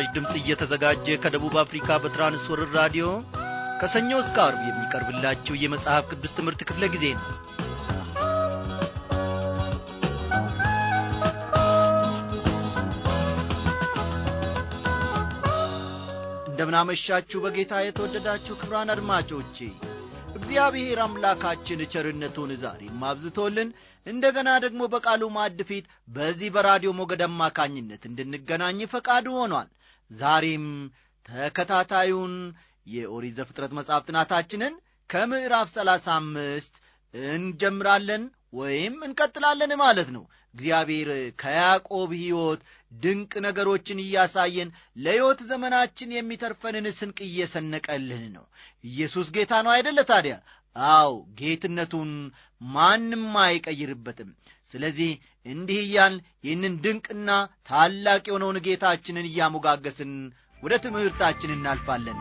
ለመስራች ድምፅ እየተዘጋጀ ከደቡብ አፍሪካ በትራንስወርር ራዲዮ ከሰኞ እስከ ዓርብ የሚቀርብላችሁ የመጽሐፍ ቅዱስ ትምህርት ክፍለ ጊዜ ነው እንደምናመሻችሁ በጌታ የተወደዳችሁ ክብራን አድማጮቼ እግዚአብሔር አምላካችን ቸርነቱን ዛሬም አብዝቶልን እንደገና ደግሞ በቃሉ ማዕድ ፊት በዚህ በራዲዮ ሞገድ አማካኝነት እንድንገናኝ ፈቃዱ ሆኗል ዛሬም ተከታታዩን የኦሪት ዘፍጥረት መጽሐፍ ጥናታችንን ከምዕራፍ 35 እንጀምራለን ወይም እንቀጥላለን ማለት ነው። እግዚአብሔር ከያዕቆብ ሕይወት ድንቅ ነገሮችን እያሳየን ለሕይወት ዘመናችን የሚተርፈንን ስንቅ እየሰነቀልን ነው። ኢየሱስ ጌታ ነው አይደለ? ታዲያ አው ጌትነቱን ማንም አይቀይርበትም። ስለዚህ እንዲህ እያል ይህንን ድንቅና ታላቅ የሆነውን ጌታችንን እያሞጋገስን ወደ ትምህርታችን እናልፋለን።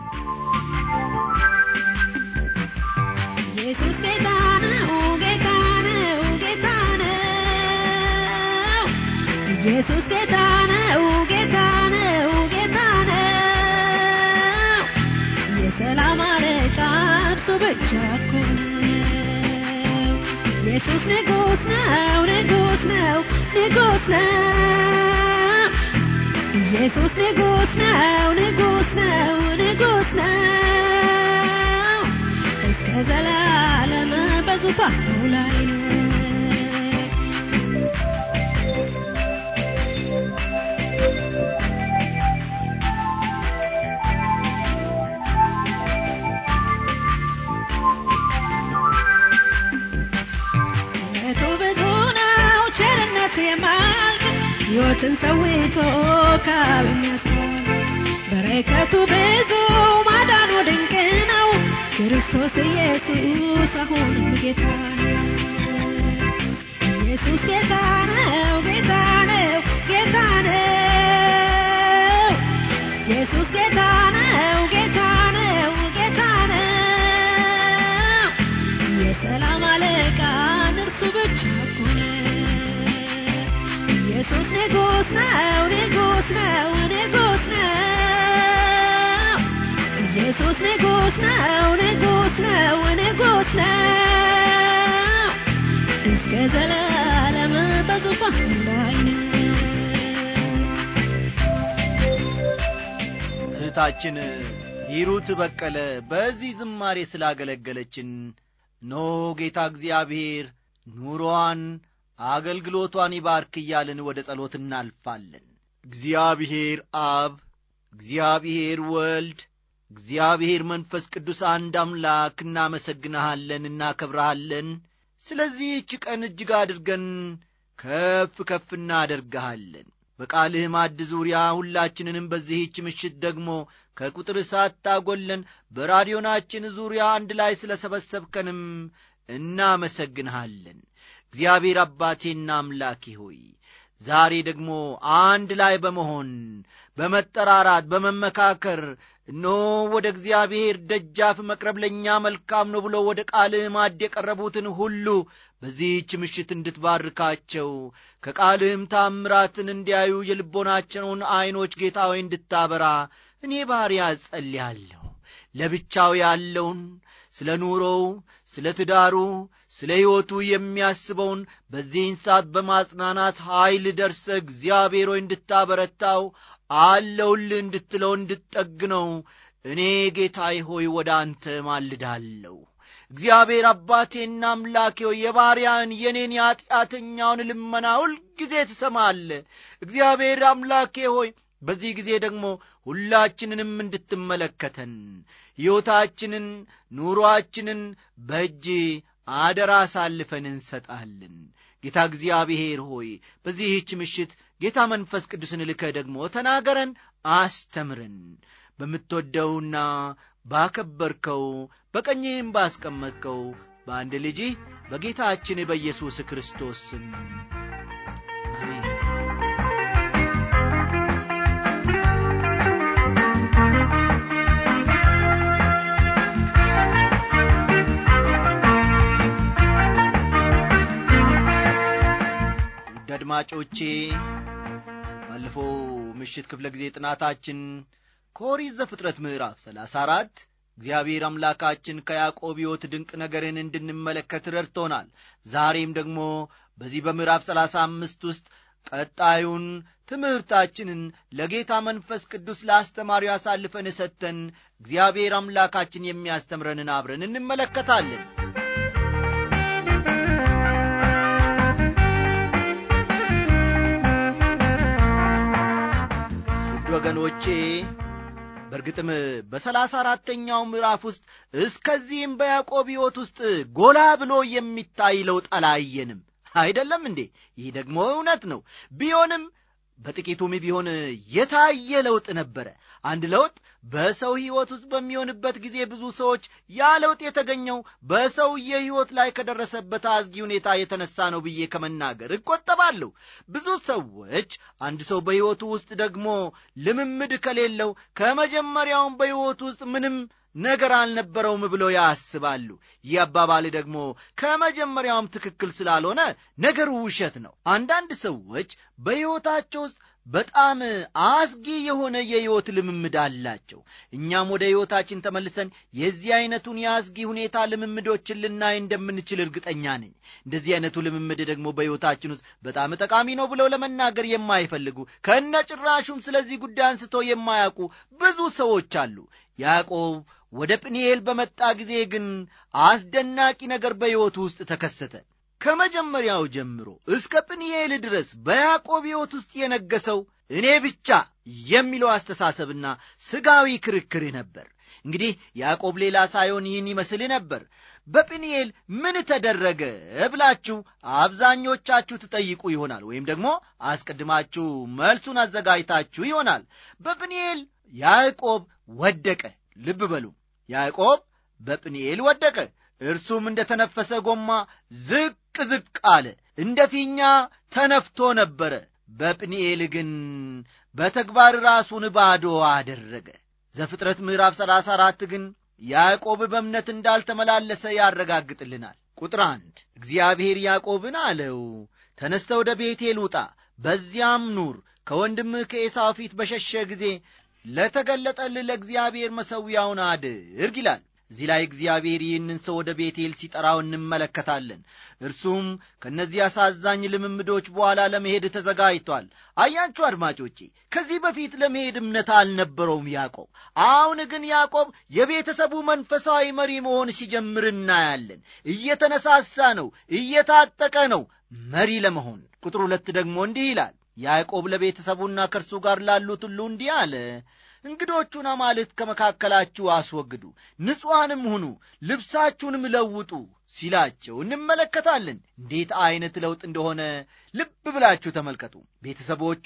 ኢየሱስ ጌታ ነው ጌታ ነው ጌታ ነው የሰላም አለቃ እርሱ ብቻ እኮ ነው ኢየሱስ ንጉስ ነው ንጉስ ነው ንጉሥ ነው ኢየሱስ ንጉስ ነው ንጉስ ነው ንጉስ ነው እስከ ዘላለም በዙፋኑ ላይ ነው እህታችን ሂሩት በቀለ በዚህ ዝማሬ ስላገለገለችን ኖ ጌታ እግዚአብሔር ኑሮዋን አገልግሎቷን ይባርክ እያልን ወደ ጸሎት እናልፋለን። እግዚአብሔር አብ፣ እግዚአብሔር ወልድ፣ እግዚአብሔር መንፈስ ቅዱስ አንድ አምላክ እናመሰግንሃለን፣ እናከብረሃለን። ስለዚህች ቀን እጅግ አድርገን ከፍ ከፍ እናደርግሃለን። በቃልህ ማድ ዙሪያ ሁላችንንም በዚህች ምሽት ደግሞ ከቁጥር ሳታጎለን በራዲዮናችን ዙሪያ አንድ ላይ ስለ ሰበሰብከንም እናመሰግንሃለን። እግዚአብሔር አባቴና አምላኬ ሆይ ዛሬ ደግሞ አንድ ላይ በመሆን በመጠራራት በመመካከር እኖ ወደ እግዚአብሔር ደጃፍ መቅረብ ለእኛ መልካም ነው ብሎ ወደ ቃልህ ማድ የቀረቡትን ሁሉ በዚህች ምሽት እንድትባርካቸው ከቃልህም ታምራትን እንዲያዩ የልቦናቸውን ዐይኖች ጌታ ሆይ እንድታበራ እኔ ባሪያ እጸልያለሁ። ለብቻው ያለውን ስለ ኑሮው፣ ስለ ትዳሩ፣ ስለ ሕይወቱ የሚያስበውን በዚህን ሰዓት በማጽናናት ኀይል ደርሰ እግዚአብሔር ሆይ እንድታበረታው አለውልህ እንድትለው እንድጠግነው እኔ ጌታዬ ሆይ ወደ አንተ ማልዳለሁ። እግዚአብሔር አባቴና አምላኬው የባሪያን የኔን የኀጢአተኛውን ልመና ሁልጊዜ ትሰማለ። እግዚአብሔር አምላኬ ሆይ በዚህ ጊዜ ደግሞ ሁላችንንም እንድትመለከተን ሕይወታችንን፣ ኑሮአችንን በእጅ አደራ አሳልፈን እንሰጣለን። ጌታ እግዚአብሔር ሆይ በዚህች ምሽት ጌታ መንፈስ ቅዱስን ልከህ ደግሞ ተናገረን፣ አስተምርን። በምትወደውና ባከበርከው በቀኝህም ባስቀመጥከው በአንድ ልጅህ በጌታችን በኢየሱስ ክርስቶስ ስም አድማጮቼ ባለፈው ምሽት ክፍለ ጊዜ ጥናታችን ከኦሪት ዘፍጥረት ምዕራፍ 34 እግዚአብሔር አምላካችን ከያዕቆብ ሕይወት ድንቅ ነገርን እንድንመለከት ረድቶናል። ዛሬም ደግሞ በዚህ በምዕራፍ 35 ውስጥ ቀጣዩን ትምህርታችንን ለጌታ መንፈስ ቅዱስ ለአስተማሪው አሳልፈን ሰጥተን እግዚአብሔር አምላካችን የሚያስተምረንን አብረን እንመለከታለን። ወገኖቼ በእርግጥም በሰላሳ አራተኛው ምዕራፍ ውስጥ እስከዚህም በያዕቆብ ሕይወት ውስጥ ጎላ ብሎ የሚታይ ለውጥ አላየንም አይደለም እንዴ? ይህ ደግሞ እውነት ነው። ቢሆንም በጥቂቱም ቢሆን የታየ ለውጥ ነበረ። አንድ ለውጥ በሰው ሕይወት ውስጥ በሚሆንበት ጊዜ ብዙ ሰዎች ያ ለውጥ የተገኘው በሰውዬ ሕይወት ላይ ከደረሰበት አዝጊ ሁኔታ የተነሳ ነው ብዬ ከመናገር እቆጠባለሁ። ብዙ ሰዎች አንድ ሰው በሕይወቱ ውስጥ ደግሞ ልምምድ ከሌለው ከመጀመሪያውም በሕይወቱ ውስጥ ምንም ነገር አልነበረውም ብለው ያስባሉ። ይህ አባባል ደግሞ ከመጀመሪያውም ትክክል ስላልሆነ ነገሩ ውሸት ነው። አንዳንድ ሰዎች በሕይወታቸው ውስጥ በጣም አስጊ የሆነ የሕይወት ልምምድ አላቸው። እኛም ወደ ሕይወታችን ተመልሰን የዚህ ዐይነቱን የአስጊ ሁኔታ ልምምዶችን ልናይ እንደምንችል እርግጠኛ ነኝ። እንደዚህ ዐይነቱ ልምምድ ደግሞ በሕይወታችን ውስጥ በጣም ጠቃሚ ነው ብለው ለመናገር የማይፈልጉ ከነ ጭራሹም ስለዚህ ጉዳይ አንስቶ የማያውቁ ብዙ ሰዎች አሉ። ያዕቆብ ወደ ጵኒኤል በመጣ ጊዜ ግን አስደናቂ ነገር በሕይወቱ ውስጥ ተከሰተ። ከመጀመሪያው ጀምሮ እስከ ጵንኤል ድረስ በያዕቆብ ሕይወት ውስጥ የነገሰው እኔ ብቻ የሚለው አስተሳሰብና ሥጋዊ ክርክር ነበር። እንግዲህ ያዕቆብ ሌላ ሳይሆን ይህን ይመስል ነበር። በጵንኤል ምን ተደረገ ብላችሁ አብዛኞቻችሁ ትጠይቁ ይሆናል፣ ወይም ደግሞ አስቀድማችሁ መልሱን አዘጋጅታችሁ ይሆናል። በጵንኤል ያዕቆብ ወደቀ። ልብ በሉ፣ ያዕቆብ በጵንኤል ወደቀ። እርሱም እንደ ተነፈሰ ጎማ ዝቅ ዝቅ አለ፣ እንደ ፊኛ ተነፍቶ ነበረ። በጵኒኤል ግን በተግባር ራሱን ባዶ አደረገ። ዘፍጥረት ምዕራፍ 34 ግን ያዕቆብ በእምነት እንዳልተመላለሰ ያረጋግጥልናል። ቁጥር አንድ እግዚአብሔር ያዕቆብን አለው፣ ተነስተ ወደ ቤቴል ውጣ፣ በዚያም ኑር፣ ከወንድምህ ከኤሳው ፊት በሸሸ ጊዜ ለተገለጠልህ ለእግዚአብሔር መሠዊያውን አድርግ ይላል። እዚህ ላይ እግዚአብሔር ይህንን ሰው ወደ ቤቴል ሲጠራው እንመለከታለን። እርሱም ከእነዚህ አሳዛኝ ልምምዶች በኋላ ለመሄድ ተዘጋጅቷል። አያችሁ አድማጮቼ፣ ከዚህ በፊት ለመሄድ እምነት አልነበረውም ያዕቆብ። አሁን ግን ያዕቆብ የቤተሰቡ መንፈሳዊ መሪ መሆን ሲጀምር እናያለን። እየተነሳሳ ነው፣ እየታጠቀ ነው መሪ ለመሆን። ቁጥር ሁለት ደግሞ እንዲህ ይላል፣ ያዕቆብ ለቤተሰቡና ከእርሱ ጋር ላሉት ሁሉ እንዲህ አለ እንግዶቹን አማልክት ከመካከላችሁ አስወግዱ፣ ንጹሐንም ሁኑ፣ ልብሳችሁንም ለውጡ ሲላቸው እንመለከታለን። እንዴት ዐይነት ለውጥ እንደሆነ ልብ ብላችሁ ተመልከቱ። ቤተሰቦቹ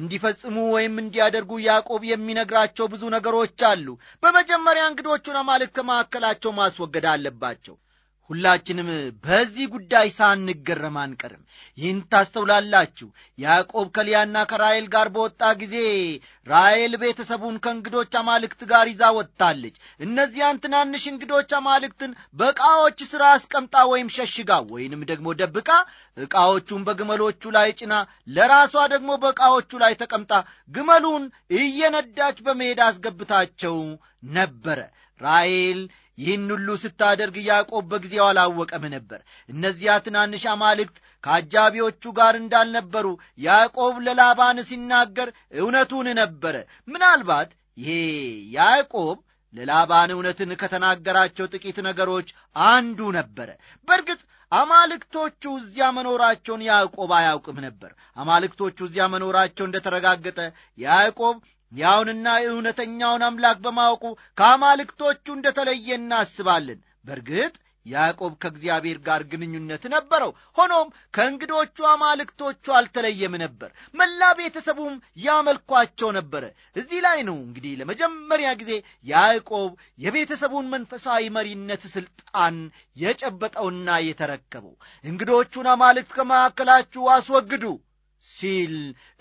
እንዲፈጽሙ ወይም እንዲያደርጉ ያዕቆብ የሚነግራቸው ብዙ ነገሮች አሉ። በመጀመሪያ እንግዶቹን አማልክት ከመካከላቸው ማስወገድ አለባቸው። ሁላችንም በዚህ ጉዳይ ሳንገረም አንቀርም። ይህን ታስተውላላችሁ። ያዕቆብ ከሊያና ከራሔል ጋር በወጣ ጊዜ ራሔል ቤተሰቡን ከእንግዶች አማልክት ጋር ይዛ ወጥታለች። እነዚያን ትናንሽ እንግዶች አማልክትን በዕቃዎች ሥራ አስቀምጣ ወይም ሸሽጋ ወይንም ደግሞ ደብቃ ዕቃዎቹን በግመሎቹ ላይ ጭና ለራሷ ደግሞ በዕቃዎቹ ላይ ተቀምጣ ግመሉን እየነዳች በመሄድ አስገብታቸው ነበረ። ራሔል ይህን ሁሉ ስታደርግ ያዕቆብ በጊዜው አላወቀም ነበር። እነዚያ ትናንሽ አማልክት ከአጃቢዎቹ ጋር እንዳልነበሩ ያዕቆብ ለላባን ሲናገር እውነቱን ነበረ። ምናልባት ይሄ ያዕቆብ ለላባን እውነትን ከተናገራቸው ጥቂት ነገሮች አንዱ ነበረ። በእርግጥ አማልክቶቹ እዚያ መኖራቸውን ያዕቆብ አያውቅም ነበር። አማልክቶቹ እዚያ መኖራቸው እንደተረጋገጠ ያዕቆብ ሕያውንና እውነተኛውን አምላክ በማወቁ ከአማልክቶቹ እንደ ተለየ እናስባለን። በእርግጥ ያዕቆብ ከእግዚአብሔር ጋር ግንኙነት ነበረው። ሆኖም ከእንግዶቹ አማልክቶቹ አልተለየም ነበር። መላ ቤተሰቡም ያመልኳቸው ነበረ። እዚህ ላይ ነው እንግዲህ ለመጀመሪያ ጊዜ ያዕቆብ የቤተሰቡን መንፈሳዊ መሪነት ስልጣን የጨበጠውና የተረከበው። እንግዶቹን አማልክት ከመካከላችሁ አስወግዱ ሲል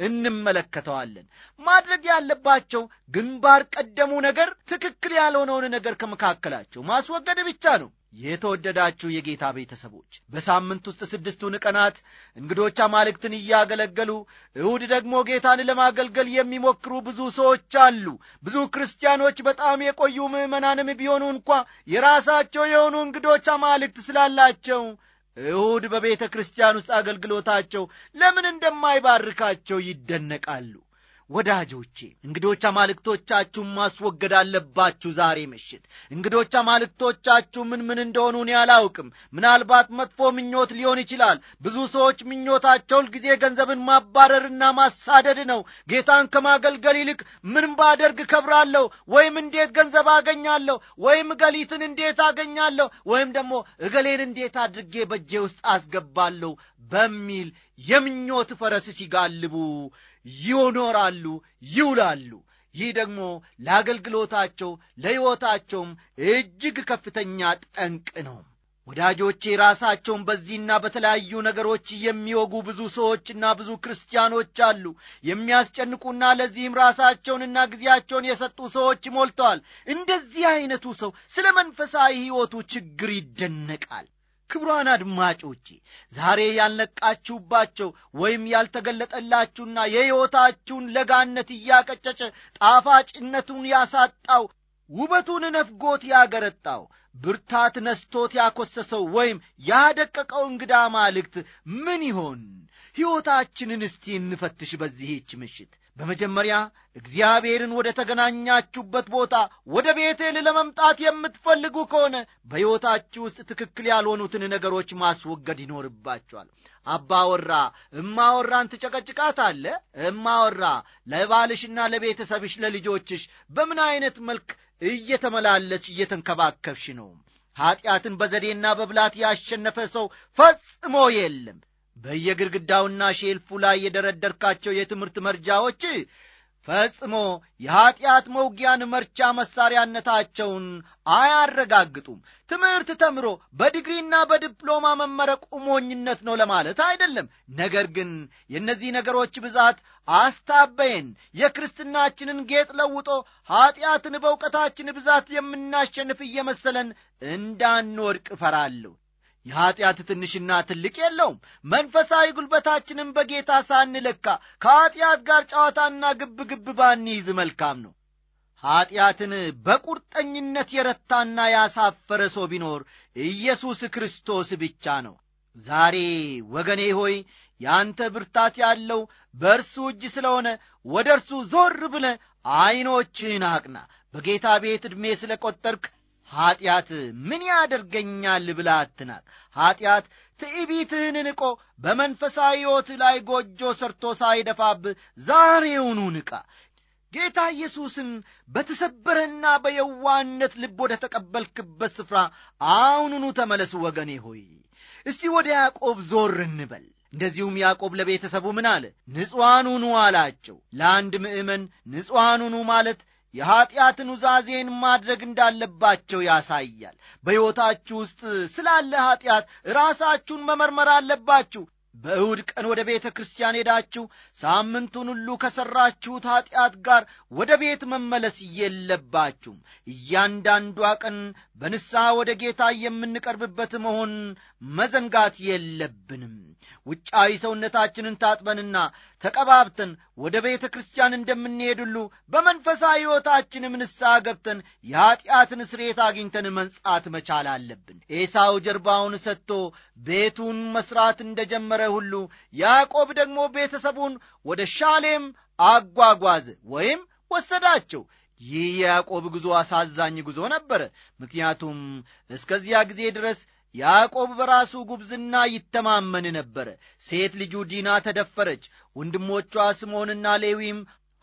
እንመለከተዋለን። ማድረግ ያለባቸው ግንባር ቀደሙ ነገር ትክክል ያልሆነውን ነገር ከመካከላቸው ማስወገድ ብቻ ነው። የተወደዳችሁ የጌታ ቤተሰቦች በሳምንት ውስጥ ስድስቱን ቀናት እንግዶች አማልክትን እያገለገሉ እሁድ ደግሞ ጌታን ለማገልገል የሚሞክሩ ብዙ ሰዎች አሉ። ብዙ ክርስቲያኖች በጣም የቆዩ ምዕመናንም ቢሆኑ እንኳ የራሳቸው የሆኑ እንግዶች አማልክት ስላላቸው እሁድ በቤተ ክርስቲያን ውስጥ አገልግሎታቸው ለምን እንደማይባርካቸው ይደነቃሉ ወዳጆቼ እንግዶች አማልክቶቻችሁን ማስወገድ አለባችሁ። ዛሬ ምሽት እንግዶች አማልክቶቻችሁ ምን ምን እንደሆኑ እኔ አላውቅም። ምናልባት መጥፎ ምኞት ሊሆን ይችላል። ብዙ ሰዎች ምኞታቸው ጊዜ ገንዘብን ማባረርና ማሳደድ ነው። ጌታን ከማገልገል ይልቅ ምን ባደርግ ከብራለሁ፣ ወይም እንዴት ገንዘብ አገኛለሁ፣ ወይም እገሊትን እንዴት አገኛለሁ፣ ወይም ደግሞ እገሌን እንዴት አድርጌ በጄ ውስጥ አስገባለሁ በሚል የምኞት ፈረስ ሲጋልቡ ይኖራሉ፣ ይውላሉ። ይህ ደግሞ ለአገልግሎታቸው ለሕይወታቸውም እጅግ ከፍተኛ ጠንቅ ነው። ወዳጆቼ ራሳቸውን በዚህና በተለያዩ ነገሮች የሚወጉ ብዙ ሰዎችና ብዙ ክርስቲያኖች አሉ። የሚያስጨንቁና ለዚህም ራሳቸውንና ጊዜያቸውን የሰጡ ሰዎች ሞልተዋል። እንደዚህ አይነቱ ሰው ስለ መንፈሳዊ ሕይወቱ ችግር ይደነቃል። ክብሯን አድማጮቼ ዛሬ ያልነቃችሁባቸው ወይም ያልተገለጠላችሁና የሕይወታችሁን ለጋነት እያቀጨጨ ጣፋጭነቱን ያሳጣው ውበቱን ነፍጎት ያገረጣው ብርታት ነስቶት ያኰሰሰው ወይም ያደቀቀው እንግዳ ማልክት ምን ይሆን ሕይወታችንን እስቲ እንፈትሽ በዚህች ምሽት በመጀመሪያ እግዚአብሔርን ወደ ተገናኛችሁበት ቦታ ወደ ቤቴል ለመምጣት የምትፈልጉ ከሆነ በሕይወታችሁ ውስጥ ትክክል ያልሆኑትን ነገሮች ማስወገድ ይኖርባቸዋል። አባወራ እማወራን ትጨቀጭቃት አለ። እማወራ ለባልሽና ለቤተሰብሽ ለልጆችሽ በምን አይነት መልክ እየተመላለስ እየተንከባከብሽ ነው? ኀጢአትን በዘዴና በብላት ያሸነፈ ሰው ፈጽሞ የለም። በየግድግዳውና ሼልፉ ላይ የደረደርካቸው የትምህርት መርጃዎች ፈጽሞ የኀጢአት መውጊያን መርቻ መሣሪያነታቸውን አያረጋግጡም። ትምህርት ተምሮ በዲግሪና በዲፕሎማ መመረቁ ሞኝነት ነው ለማለት አይደለም። ነገር ግን የእነዚህ ነገሮች ብዛት አስታበየን፣ የክርስትናችንን ጌጥ ለውጦ ኀጢአትን በእውቀታችን ብዛት የምናሸንፍ እየመሰለን እንዳንወድቅ እፈራለሁ። የኀጢአት ትንሽና ትልቅ የለውም። መንፈሳዊ ጉልበታችንን በጌታ ሳንለካ ከኀጢአት ጋር ጨዋታና ግብ ግብ ባንይዝ መልካም ነው። ኀጢአትን በቁርጠኝነት የረታና ያሳፈረ ሰው ቢኖር ኢየሱስ ክርስቶስ ብቻ ነው። ዛሬ ወገኔ ሆይ ያንተ ብርታት ያለው በእርሱ እጅ ስለሆነ ወደ እርሱ ዞር ብለ ዐይኖችህን አቅና። በጌታ ቤት ዕድሜ ስለ ቈጠርክ ኀጢአት ምን ያደርገኛል ብላ አትናቅ። ኀጢአት ትዕቢትህን ንቆ በመንፈሳዊ ሕይወት ላይ ጎጆ ሰርቶ ሳይደፋብህ ዛሬውኑ ንቃ። ጌታ ኢየሱስን በተሰበረና በየዋነት ልብ ወደ ተቀበልክበት ስፍራ አሁኑኑ ተመለስ ወገኔ ሆይ። እስቲ ወደ ያዕቆብ ዞር እንበል። እንደዚሁም ያዕቆብ ለቤተሰቡ ምን አለ? ንጹሐን አላቸው። ለአንድ ምእመን ንጹሐን ማለት የኀጢአትን ውዛዜን ማድረግ እንዳለባቸው ያሳያል። በሕይወታችሁ ውስጥ ስላለ ኀጢአት ራሳችሁን መመርመር አለባችሁ። በእሁድ ቀን ወደ ቤተ ክርስቲያን ሄዳችሁ ሳምንቱን ሁሉ ከሠራችሁት ኀጢአት ጋር ወደ ቤት መመለስ የለባችሁም። እያንዳንዷ ቀን በንስሐ ወደ ጌታ የምንቀርብበት መሆን መዘንጋት የለብንም። ውጫዊ ሰውነታችንን ታጥበንና ተቀባብተን ወደ ቤተ ክርስቲያን እንደምንሄድሉ በመንፈሳ በመንፈሳዊ ሕይወታችንም ንስሐ ገብተን የኀጢአትን ስሬት አግኝተን መንጻት መቻል አለብን። ኤሳው ጀርባውን ሰጥቶ ቤቱን መሥራት እንደጀመረ እንደነበረ ሁሉ ያዕቆብ ደግሞ ቤተሰቡን ወደ ሻሌም አጓጓዝ ወይም ወሰዳቸው። ይህ የያዕቆብ ጉዞ አሳዛኝ ጉዞ ነበረ። ምክንያቱም እስከዚያ ጊዜ ድረስ ያዕቆብ በራሱ ጉብዝና ይተማመን ነበረ። ሴት ልጁ ዲና ተደፈረች። ወንድሞቿ ስምዖንና ሌዊም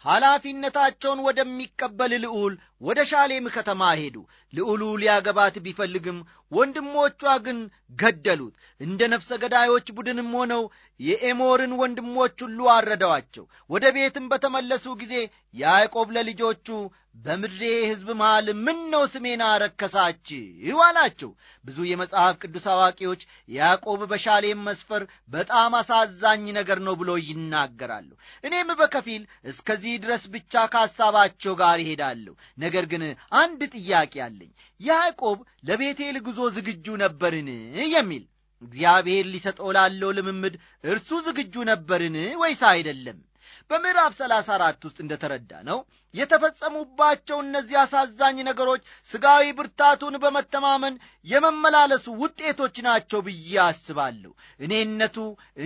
ኃላፊነታቸውን ወደሚቀበል ልዑል ወደ ሻሌም ከተማ ሄዱ። ልዑሉ ሊያገባት ቢፈልግም ወንድሞቿ ግን ገደሉት። እንደ ነፍሰ ገዳዮች ቡድንም ሆነው የኤሞርን ወንድሞች ሁሉ አረደዋቸው። ወደ ቤትም በተመለሱ ጊዜ ያዕቆብ ለልጆቹ በምድሬ ሕዝብ መሃል ምን ነው ስሜን አረከሳችሁ አላቸው። ብዙ የመጽሐፍ ቅዱስ አዋቂዎች ያዕቆብ በሻሌም መስፈር በጣም አሳዛኝ ነገር ነው ብሎ ይናገራሉ። እኔም በከፊል እስከዚህ ድረስ ብቻ ከሐሳባቸው ጋር ይሄዳለሁ። ነገር ግን አንድ ጥያቄ አለኝ። ያዕቆብ ለቤቴል ጉዞ ጉዞ ዝግጁ ነበርን የሚል እግዚአብሔር ሊሰጠው ላለው ልምምድ እርሱ ዝግጁ ነበርን ወይስ አይደለም? በምዕራፍ 34 ውስጥ እንደተረዳ ነው የተፈጸሙባቸው እነዚህ አሳዛኝ ነገሮች ሥጋዊ ብርታቱን በመተማመን የመመላለሱ ውጤቶች ናቸው ብዬ አስባለሁ። እኔነቱ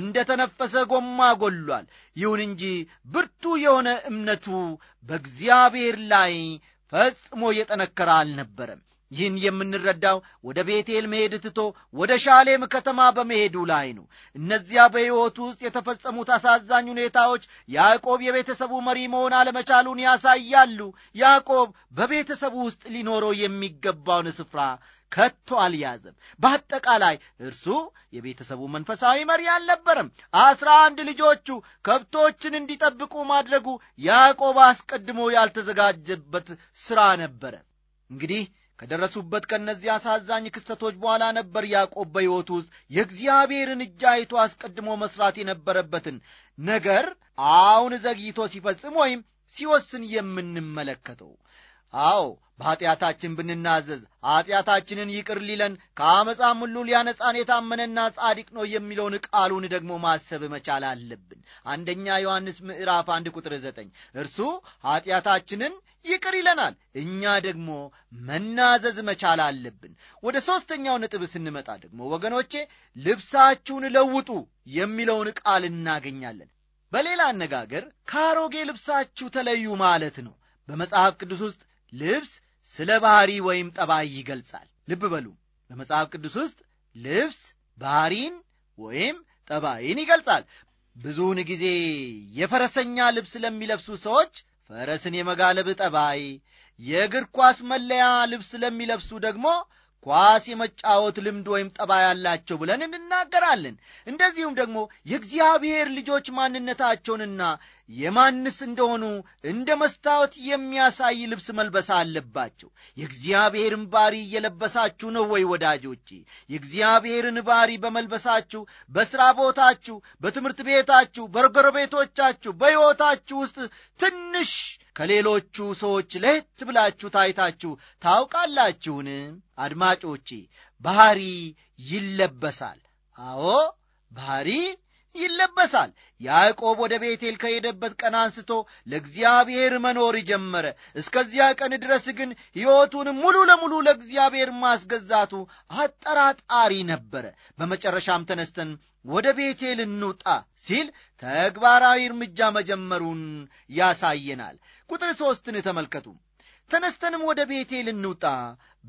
እንደ ተነፈሰ ጎማ ጎሏል። ይሁን እንጂ ብርቱ የሆነ እምነቱ በእግዚአብሔር ላይ ፈጽሞ እየጠነከረ አልነበረም። ይህን የምንረዳው ወደ ቤቴል መሄድ ትቶ ወደ ሻሌም ከተማ በመሄዱ ላይ ነው። እነዚያ በሕይወቱ ውስጥ የተፈጸሙት አሳዛኝ ሁኔታዎች ያዕቆብ የቤተሰቡ መሪ መሆን አለመቻሉን ያሳያሉ። ያዕቆብ በቤተሰቡ ውስጥ ሊኖረው የሚገባውን ስፍራ ከቶ አልያዘም። በአጠቃላይ እርሱ የቤተሰቡ መንፈሳዊ መሪ አልነበረም። አስራ አንድ ልጆቹ ከብቶችን እንዲጠብቁ ማድረጉ ያዕቆብ አስቀድሞ ያልተዘጋጀበት ሥራ ነበረ። እንግዲህ ከደረሱበት ከእነዚህ አሳዛኝ ክስተቶች በኋላ ነበር ያዕቆብ በሕይወቱ ውስጥ የእግዚአብሔርን እጅ አይቶ አስቀድሞ መሥራት የነበረበትን ነገር አሁን ዘግይቶ ሲፈጽም ወይም ሲወስን የምንመለከተው አዎ በኀጢአታችን ብንናዘዝ ኀጢአታችንን ይቅር ሊለን ከአመፃም ሁሉ ሊያነጻን የታመነና ጻድቅ ነው የሚለውን ቃሉን ደግሞ ማሰብ መቻል አለብን አንደኛ ዮሐንስ ምዕራፍ አንድ ቁጥር ዘጠኝ እርሱ ኀጢአታችንን ይቅር ይለናል እኛ ደግሞ መናዘዝ መቻል አለብን ወደ ሦስተኛው ነጥብ ስንመጣ ደግሞ ወገኖቼ ልብሳችሁን ለውጡ የሚለውን ቃል እናገኛለን በሌላ አነጋገር ከአሮጌ ልብሳችሁ ተለዩ ማለት ነው በመጽሐፍ ቅዱስ ውስጥ ልብስ ስለ ባህሪ ወይም ጠባይ ይገልጻል። ልብ በሉ በመጽሐፍ ቅዱስ ውስጥ ልብስ ባህሪን ወይም ጠባይን ይገልጻል። ብዙውን ጊዜ የፈረሰኛ ልብስ ለሚለብሱ ሰዎች ፈረስን የመጋለብ ጠባይ፣ የእግር ኳስ መለያ ልብስ ለሚለብሱ ደግሞ ኳስ የመጫወት ልምድ ወይም ጠባ ያላቸው ብለን እንናገራለን። እንደዚሁም ደግሞ የእግዚአብሔር ልጆች ማንነታቸውንና የማንስ እንደሆኑ እንደ መስታወት የሚያሳይ ልብስ መልበሳ አለባቸው። የእግዚአብሔርን ባሪ እየለበሳችሁ ነው ወይ ወዳጆቼ? የእግዚአብሔርን ባሪ በመልበሳችሁ በሥራ ቦታችሁ፣ በትምህርት ቤታችሁ፣ በጎረቤቶቻችሁ፣ በሕይወታችሁ ውስጥ ትንሽ ከሌሎቹ ሰዎች ለየት ብላችሁ ታይታችሁ ታውቃላችሁን? አድማጮቼ፣ ባህሪ ይለበሳል። አዎ ባህሪ ይለበሳል። ያዕቆብ ወደ ቤቴል ከሄደበት ቀን አንስቶ ለእግዚአብሔር መኖር ጀመረ። እስከዚያ ቀን ድረስ ግን ሕይወቱን ሙሉ ለሙሉ ለእግዚአብሔር ማስገዛቱ አጠራጣሪ ነበረ። በመጨረሻም ተነስተን ወደ ቤቴ ልንውጣ ሲል ተግባራዊ እርምጃ መጀመሩን ያሳየናል። ቁጥር ሦስትን ተመልከቱ። ተነስተንም ወደ ቤቴ ልንውጣ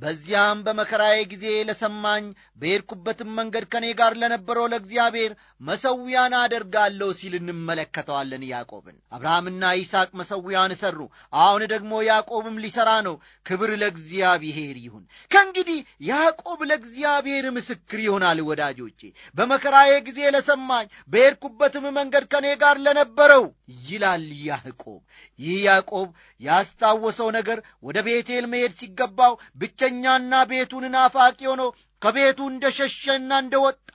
በዚያም በመከራዬ ጊዜ ለሰማኝ በሄድኩበትም መንገድ ከእኔ ጋር ለነበረው ለእግዚአብሔር መሰዊያን አደርጋለሁ ሲል እንመለከተዋለን። ያዕቆብን አብርሃምና ይስቅ መሰዊያን እሰሩ አሁን ደግሞ ያዕቆብም ሊሠራ ነው። ክብር ለእግዚአብሔር ይሁን። ከእንግዲህ ያዕቆብ ለእግዚአብሔር ምስክር ይሆናል። ወዳጆቼ በመከራዬ ጊዜ ለሰማኝ በሄድኩበትም መንገድ ከእኔ ጋር ለነበረው ይላል ያዕቆብ። ይህ ያዕቆብ ያስታወሰው ነገር ወደ ቤቴል መሄድ ሲገባው ብቻ ብቸኛና ቤቱን ናፋቂ ሆኖ ከቤቱ እንደ ሸሸና እንደ ወጣ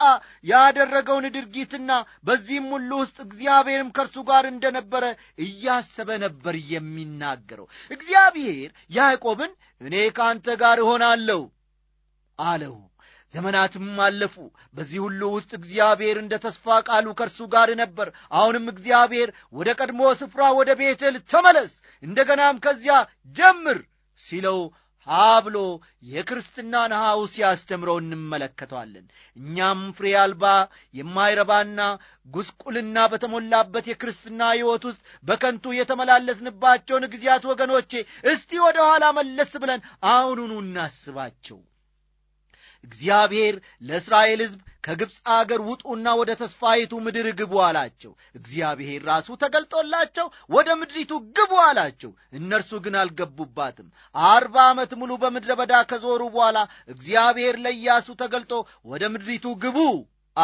ያደረገውን ድርጊትና በዚህም ሁሉ ውስጥ እግዚአብሔርም ከእርሱ ጋር እንደነበረ እያሰበ ነበር የሚናገረው። እግዚአብሔር ያዕቆብን እኔ ከአንተ ጋር እሆናለሁ አለው። ዘመናትም አለፉ። በዚህ ሁሉ ውስጥ እግዚአብሔር እንደ ተስፋ ቃሉ ከእርሱ ጋር ነበር። አሁንም እግዚአብሔር ወደ ቀድሞ ስፍራ ወደ ቤትል ተመለስ፣ እንደገናም ከዚያ ጀምር ሲለው አብሎ ብሎ የክርስትናን ሐውስ ሲያስተምረው እንመለከተዋለን። እኛም ፍሬ አልባ የማይረባና ጉስቁልና በተሞላበት የክርስትና ሕይወት ውስጥ በከንቱ የተመላለስንባቸውን ጊዜያት ወገኖቼ እስቲ ወደ ኋላ መለስ ብለን አሁኑኑ እናስባቸው። እግዚአብሔር ለእስራኤል ሕዝብ ከግብፅ አገር ውጡና ወደ ተስፋይቱ ምድር ግቡ አላቸው። እግዚአብሔር ራሱ ተገልጦላቸው ወደ ምድሪቱ ግቡ አላቸው። እነርሱ ግን አልገቡባትም። አርባ ዓመት ሙሉ በምድረ በዳ ከዞሩ በኋላ እግዚአብሔር ለኢያሱ ተገልጦ ወደ ምድሪቱ ግቡ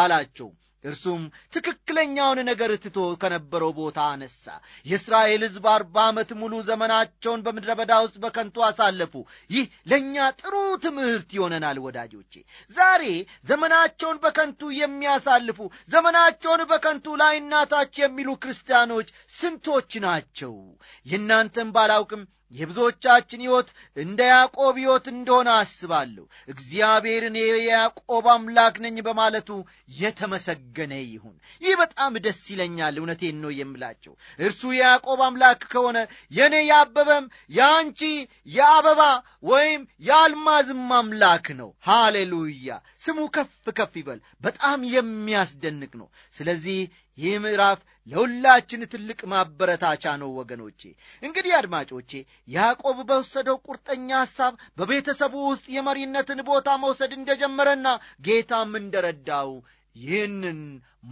አላቸው። እርሱም ትክክለኛውን ነገር ትቶ ከነበረው ቦታ አነሳ። የእስራኤል ሕዝብ አርባ ዓመት ሙሉ ዘመናቸውን በምድረ በዳ ውስጥ በከንቱ አሳለፉ። ይህ ለእኛ ጥሩ ትምህርት ይሆነናል። ወዳጆቼ ዛሬ ዘመናቸውን በከንቱ የሚያሳልፉ ዘመናቸውን በከንቱ ላይናታች የሚሉ ክርስቲያኖች ስንቶች ናቸው? የእናንተን ባላውቅም የብዙዎቻችን ሕይወት እንደ ያዕቆብ ሕይወት እንደሆነ አስባለሁ። እግዚአብሔር እኔ የያዕቆብ አምላክ ነኝ በማለቱ የተመሰገነ ይሁን። ይህ በጣም ደስ ይለኛል። እውነቴን ነው የምላቸው። እርሱ የያዕቆብ አምላክ ከሆነ የእኔ ያበበም የአንቺ የአበባ ወይም የአልማዝም አምላክ ነው። ሃሌሉያ! ስሙ ከፍ ከፍ ይበል። በጣም የሚያስደንቅ ነው። ስለዚህ ይህ ምዕራፍ ለሁላችን ትልቅ ማበረታቻ ነው ወገኖቼ። እንግዲህ አድማጮቼ ያዕቆብ በወሰደው ቁርጠኛ ሐሳብ በቤተሰቡ ውስጥ የመሪነትን ቦታ መውሰድ እንደጀመረና ጌታም እንደረዳው ይህንን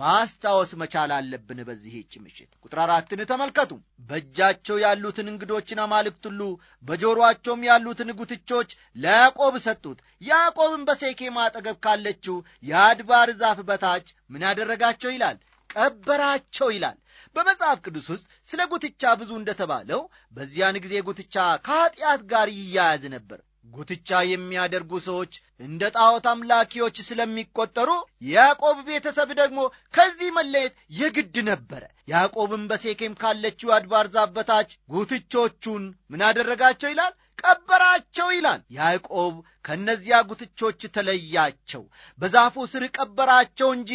ማስታወስ መቻል አለብን። በዚህች ምሽት ቁጥር አራትን ተመልከቱ። በእጃቸው ያሉትን እንግዶችን አማልክት ሁሉ በጆሮአቸውም ያሉትን ጉትቾች ለያዕቆብ ሰጡት። ያዕቆብን በሴኬ ማጠገብ ካለችው የአድባር ዛፍ በታች ምን ያደረጋቸው ይላል ቀበራቸው ይላል። በመጽሐፍ ቅዱስ ውስጥ ስለ ጉትቻ ብዙ እንደተባለው በዚያን ጊዜ ጉትቻ ከኀጢአት ጋር ይያያዝ ነበር። ጉትቻ የሚያደርጉ ሰዎች እንደ ጣዖት አምላኪዎች ስለሚቆጠሩ ያዕቆብ ቤተሰብ ደግሞ ከዚህ መለየት የግድ ነበረ። ያዕቆብም በሴኬም ካለችው አድባር ዛበታች ጉትቾቹን ምን አደረጋቸው ይላል ቀበራቸው ይላል። ያዕቆብ ከእነዚያ ጉትቾች ተለያቸው፣ በዛፉ ስር ቀበራቸው እንጂ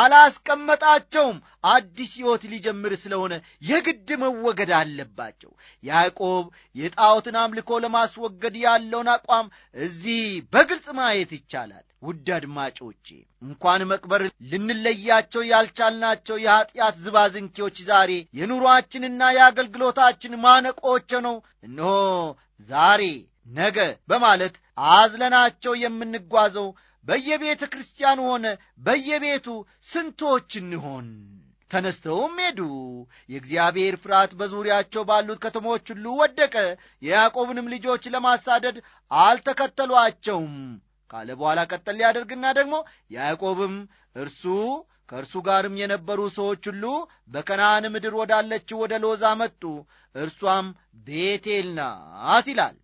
አላስቀመጣቸውም። አዲስ ሕይወት ሊጀምር ስለሆነ የግድ መወገድ አለባቸው። ያዕቆብ የጣዖትን አምልኮ ለማስወገድ ያለውን አቋም እዚህ በግልጽ ማየት ይቻላል። ውድ አድማጮቼ እንኳን መቅበር ልንለያቸው ያልቻልናቸው የኀጢአት ዝባዝንኪዎች ዛሬ የኑሮአችንና የአገልግሎታችን ማነቆች ነው። እንሆ ዛሬ ነገ በማለት አዝለናቸው የምንጓዘው በየቤተ ክርስቲያኑ ሆነ በየቤቱ ስንቶች እንሆን? ተነስተውም ሄዱ። የእግዚአብሔር ፍርሃት በዙሪያቸው ባሉት ከተሞች ሁሉ ወደቀ። የያዕቆብንም ልጆች ለማሳደድ አልተከተሏቸውም። ካለ በኋላ ቀጠል ሊያደርግና ደግሞ ያዕቆብም እርሱ ከእርሱ ጋርም የነበሩ ሰዎች ሁሉ በከናን ምድር ወዳለችው ወደ ሎዛ መጡ፣ እርሷም ቤቴል ናት ይላል።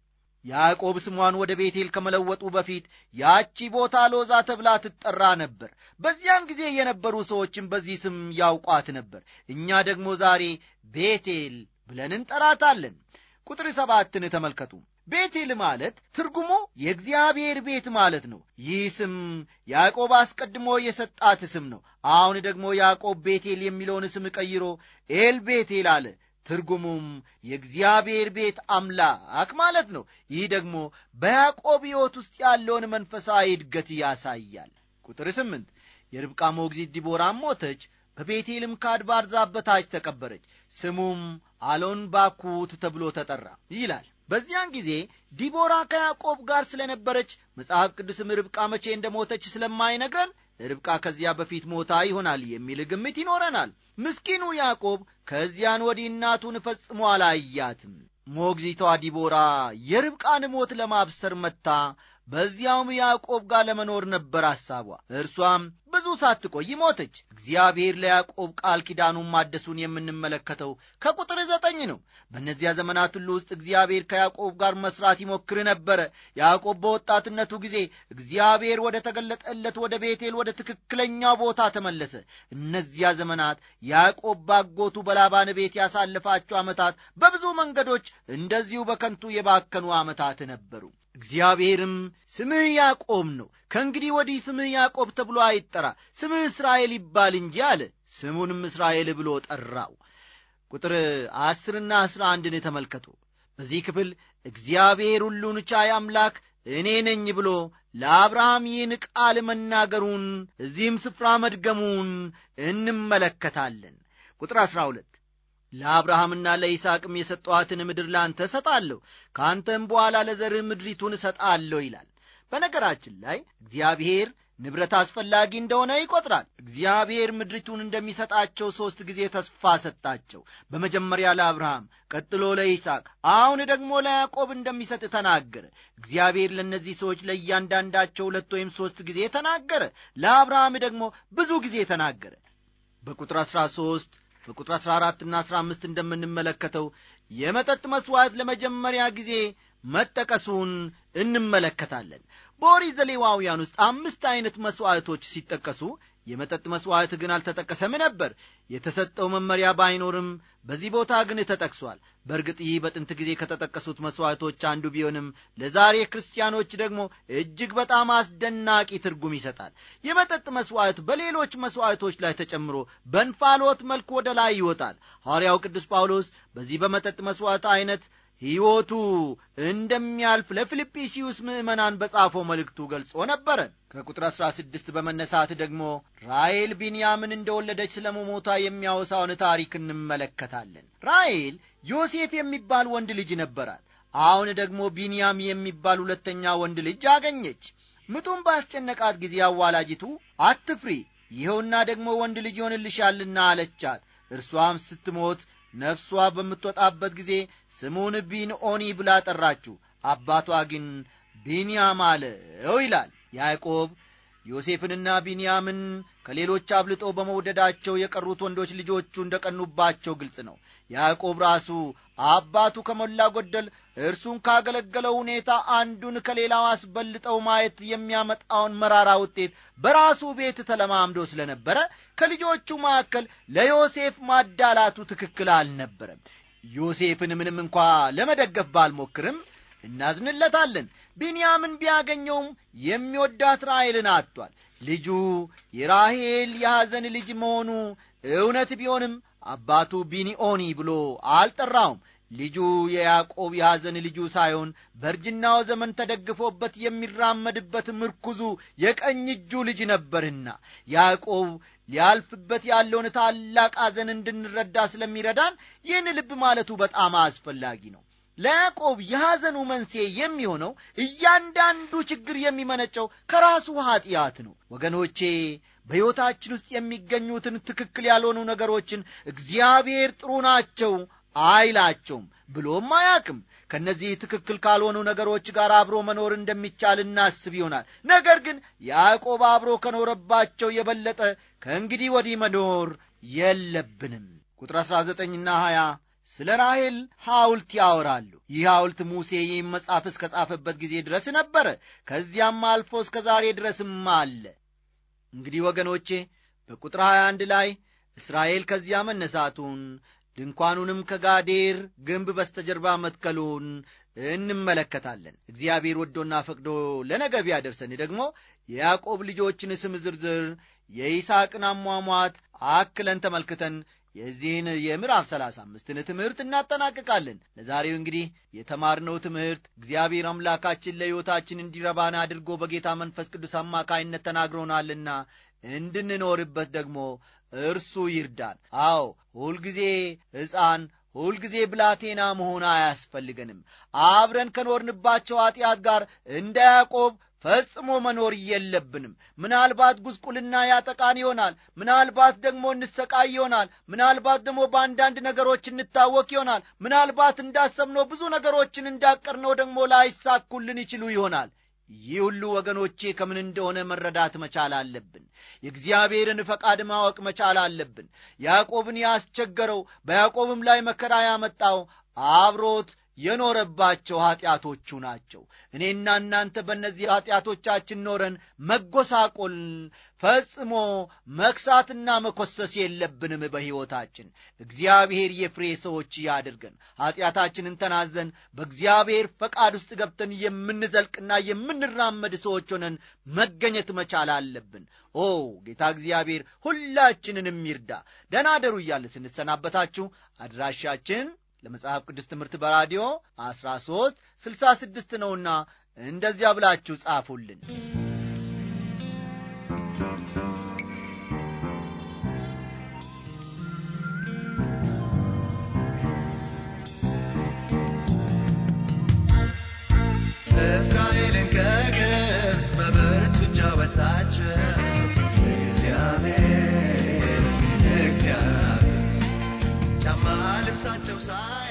ያዕቆብ ስሟን ወደ ቤቴል ከመለወጡ በፊት ያቺ ቦታ ሎዛ ተብላ ትጠራ ነበር። በዚያን ጊዜ የነበሩ ሰዎችም በዚህ ስም ያውቋት ነበር። እኛ ደግሞ ዛሬ ቤቴል ብለን እንጠራታለን። ቁጥር ሰባትን ተመልከቱ። ቤቴል ማለት ትርጉሙ የእግዚአብሔር ቤት ማለት ነው። ይህ ስም ያዕቆብ አስቀድሞ የሰጣት ስም ነው። አሁን ደግሞ ያዕቆብ ቤቴል የሚለውን ስም ቀይሮ ኤል ቤቴል አለ። ትርጉሙም የእግዚአብሔር ቤት አምላክ ማለት ነው። ይህ ደግሞ በያዕቆብ ሕይወት ውስጥ ያለውን መንፈሳዊ እድገት ያሳያል። ቁጥር ስምንት የርብቃ ሞግዚት ዲቦራም ሞተች፣ በቤቴልም ከአድባር ዛፍ በታች ተቀበረች። ስሙም አሎን ባኩት ተብሎ ተጠራ ይላል። በዚያን ጊዜ ዲቦራ ከያዕቆብ ጋር ስለነበረች መጽሐፍ ቅዱስም ርብቃ መቼ እንደሞተች ስለማይነግረን ርብቃ ከዚያ በፊት ሞታ ይሆናል የሚል ግምት ይኖረናል። ምስኪኑ ያዕቆብ ከዚያን ወዲህ እናቱን ፈጽሞ አላያትም። ሞግዚቷ ዲቦራ የርብቃን ሞት ለማብሰር መታ። በዚያውም ያዕቆብ ጋር ለመኖር ነበር ሐሳቧ። እርሷም ብዙ ሳትቆይ ሞተች። እግዚአብሔር ለያዕቆብ ቃል ኪዳኑን ማደሱን የምንመለከተው ከቁጥር ዘጠኝ ነው። በእነዚያ ዘመናት ሁሉ ውስጥ እግዚአብሔር ከያዕቆብ ጋር መስራት ይሞክር ነበረ። ያዕቆብ በወጣትነቱ ጊዜ እግዚአብሔር ወደ ተገለጠለት ወደ ቤቴል ወደ ትክክለኛው ቦታ ተመለሰ። እነዚያ ዘመናት ያዕቆብ ባጎቱ በላባን ቤት ያሳለፋቸው ዓመታት በብዙ መንገዶች እንደዚሁ በከንቱ የባከኑ ዓመታት ነበሩ። እግዚአብሔርም ስምህ ያዕቆብ ነው፣ ከእንግዲህ ወዲህ ስምህ ያዕቆብ ተብሎ አይጠራ፣ ስምህ እስራኤል ይባል እንጂ አለ። ስሙንም እስራኤል ብሎ ጠራው። ቁጥር ዐሥርና ዐሥራ አንድን ተመልከቱ። በዚህ ክፍል እግዚአብሔር ሁሉን ቻይ አምላክ እኔ ነኝ ብሎ ለአብርሃም ይህን ቃል መናገሩን እዚህም ስፍራ መድገሙን እንመለከታለን። ቁጥር ዐሥራ ሁለት ለአብርሃምና ለይስሐቅም የሰጠኋትን ምድር ላንተ እሰጣለሁ፣ ከአንተም በኋላ ለዘርህ ምድሪቱን እሰጣለሁ ይላል። በነገራችን ላይ እግዚአብሔር ንብረት አስፈላጊ እንደሆነ ይቆጥራል። እግዚአብሔር ምድሪቱን እንደሚሰጣቸው ሦስት ጊዜ ተስፋ ሰጣቸው። በመጀመሪያ ለአብርሃም፣ ቀጥሎ ለይስቅ አሁን ደግሞ ለያዕቆብ እንደሚሰጥ ተናገረ። እግዚአብሔር ለእነዚህ ሰዎች ለእያንዳንዳቸው ሁለት ወይም ሦስት ጊዜ ተናገረ። ለአብርሃም ደግሞ ብዙ ጊዜ ተናገረ። በቁጥር 13 በቁጥር 14 እና 15 እንደምንመለከተው የመጠጥ መሥዋዕት ለመጀመሪያ ጊዜ መጠቀሱን እንመለከታለን። በኦሪት ዘሌዋውያን ውስጥ አምስት ዐይነት መሥዋዕቶች ሲጠቀሱ የመጠጥ መሥዋዕት ግን አልተጠቀሰም ነበር። የተሰጠው መመሪያ ባይኖርም በዚህ ቦታ ግን ተጠቅሷል። በእርግጥ ይህ በጥንት ጊዜ ከተጠቀሱት መሥዋዕቶች አንዱ ቢሆንም ለዛሬ ክርስቲያኖች ደግሞ እጅግ በጣም አስደናቂ ትርጉም ይሰጣል። የመጠጥ መሥዋዕት በሌሎች መሥዋዕቶች ላይ ተጨምሮ በእንፋሎት መልክ ወደ ላይ ይወጣል። ሐዋርያው ቅዱስ ጳውሎስ በዚህ በመጠጥ መሥዋዕት ዐይነት ሕይወቱ እንደሚያልፍ ለፊልጵስዩስ ምዕመናን በጻፈው መልእክቱ ገልጾ ነበረ። ከቁጥር 16 በመነሳት ደግሞ ራይል ቢንያምን እንደወለደች ስለ መሞቷ የሚያወሳውን ታሪክ እንመለከታለን። ራይል ዮሴፍ የሚባል ወንድ ልጅ ነበራት። አሁን ደግሞ ቢንያም የሚባል ሁለተኛ ወንድ ልጅ አገኘች። ምጡም ባስጨነቃት ጊዜ አዋላጅቱ አትፍሪ፣ ይኸውና ደግሞ ወንድ ልጅ ይሆንልሻልና አለቻት። እርሷም ስትሞት ነፍሷ በምትወጣበት ጊዜ ስሙን ቢንኦኒ ብላ ጠራችሁ አባቷ ግን ቢንያም አለው ይላል ያዕቆብ ዮሴፍንና ቢንያምን ከሌሎች አብልጦ በመውደዳቸው የቀሩት ወንዶች ልጆቹ እንደ ቀኑባቸው ግልጽ ነው። ያዕቆብ ራሱ አባቱ ከሞላ ጎደል እርሱን ካገለገለው ሁኔታ አንዱን ከሌላው አስበልጠው ማየት የሚያመጣውን መራራ ውጤት በራሱ ቤት ተለማምዶ ስለነበረ ከልጆቹ መካከል ለዮሴፍ ማዳላቱ ትክክል አልነበረም። ዮሴፍን ምንም እንኳ ለመደገፍ ባልሞክርም እናዝንለታለን። ቢንያምን ቢያገኘውም የሚወዳት ራሔልን አጥቷል። ልጁ የራሔል የሐዘን ልጅ መሆኑ እውነት ቢሆንም አባቱ ቢኒኦኒ ብሎ አልጠራውም። ልጁ የያዕቆብ የሐዘን ልጁ ሳይሆን በእርጅናው ዘመን ተደግፎበት የሚራመድበት ምርኩዙ የቀኝ እጁ ልጅ ነበርና ያዕቆብ ሊያልፍበት ያለውን ታላቅ አዘን እንድንረዳ ስለሚረዳን ይህን ልብ ማለቱ በጣም አስፈላጊ ነው። ለያዕቆብ የሐዘኑ መንስኤ የሚሆነው እያንዳንዱ ችግር የሚመነጨው ከራሱ ኀጢአት ነው። ወገኖቼ በሕይወታችን ውስጥ የሚገኙትን ትክክል ያልሆኑ ነገሮችን እግዚአብሔር ጥሩ ናቸው አይላቸውም ብሎም አያውቅም። ከእነዚህ ትክክል ካልሆኑ ነገሮች ጋር አብሮ መኖር እንደሚቻል እናስብ ይሆናል። ነገር ግን ያዕቆብ አብሮ ከኖረባቸው የበለጠ ከእንግዲህ ወዲህ መኖር የለብንም። ቁጥር 19ና 20 ስለ ራሔል ሐውልት ያወራሉ። ይህ ሐውልት ሙሴ ይህም መጽሐፍ እስከ ጻፈበት ጊዜ ድረስ ነበረ። ከዚያም አልፎ እስከ ዛሬ ድረስም አለ። እንግዲህ ወገኖቼ በቁጥር 21 ላይ እስራኤል ከዚያ መነሳቱን ድንኳኑንም ከጋዴር ግንብ በስተጀርባ መትከሉን እንመለከታለን። እግዚአብሔር ወዶና ፈቅዶ ለነገ ቢያደርሰን ደግሞ የያዕቆብ ልጆችን ስም ዝርዝር የይስሐቅን አሟሟት አክለን ተመልክተን የዚህን የምዕራፍ ሰላሳ አምስትን ትምህርት እናጠናቅቃለን። ለዛሬው እንግዲህ የተማርነው ትምህርት እግዚአብሔር አምላካችን ለሕይወታችን እንዲረባን አድርጎ በጌታ መንፈስ ቅዱስ አማካይነት ተናግሮናልና እንድንኖርበት ደግሞ እርሱ ይርዳን። አዎ ሁልጊዜ ሕፃን ሁልጊዜ ብላቴና መሆን አያስፈልገንም። አብረን ከኖርንባቸው ኀጢአት ጋር እንደ ያዕቆብ ፈጽሞ መኖር የለብንም። ምናልባት ጉዝቁልና ያጠቃን ይሆናል። ምናልባት ደግሞ እንሰቃይ ይሆናል። ምናልባት ደግሞ በአንዳንድ ነገሮች እንታወክ ይሆናል። ምናልባት እንዳሰብነው ብዙ ነገሮችን እንዳቀርነው ደግሞ ላይሳኩልን ይችሉ ይሆናል። ይህ ሁሉ ወገኖቼ ከምን እንደሆነ መረዳት መቻል አለብን። የእግዚአብሔርን ፈቃድ ማወቅ መቻል አለብን። ያዕቆብን ያስቸገረው በያዕቆብም ላይ መከራ ያመጣው አብሮት የኖረባቸው ኀጢአቶቹ ናቸው። እኔና እናንተ በእነዚህ ኀጢአቶቻችን ኖረን መጎሳቆል፣ ፈጽሞ መክሳትና መኮሰስ የለብንም። በሕይወታችን እግዚአብሔር የፍሬ ሰዎች ያድርገን። ኀጢአታችንን ተናዘን በእግዚአብሔር ፈቃድ ውስጥ ገብተን የምንዘልቅና የምንራመድ ሰዎች ሆነን መገኘት መቻል አለብን። ኦ ጌታ እግዚአብሔር ሁላችንንም ይርዳ። ደናደሩ እያለ ስንሰናበታችሁ አድራሻችን ለመጽሐፍ ቅዱስ ትምህርት በራዲዮ 13 66 ነውና እንደዚያ ብላችሁ ጻፉልን። እስራኤልን ከግብፅ በብርቱ እጅ አወጣቸው። ጫማ ልብሳቸው ሳይ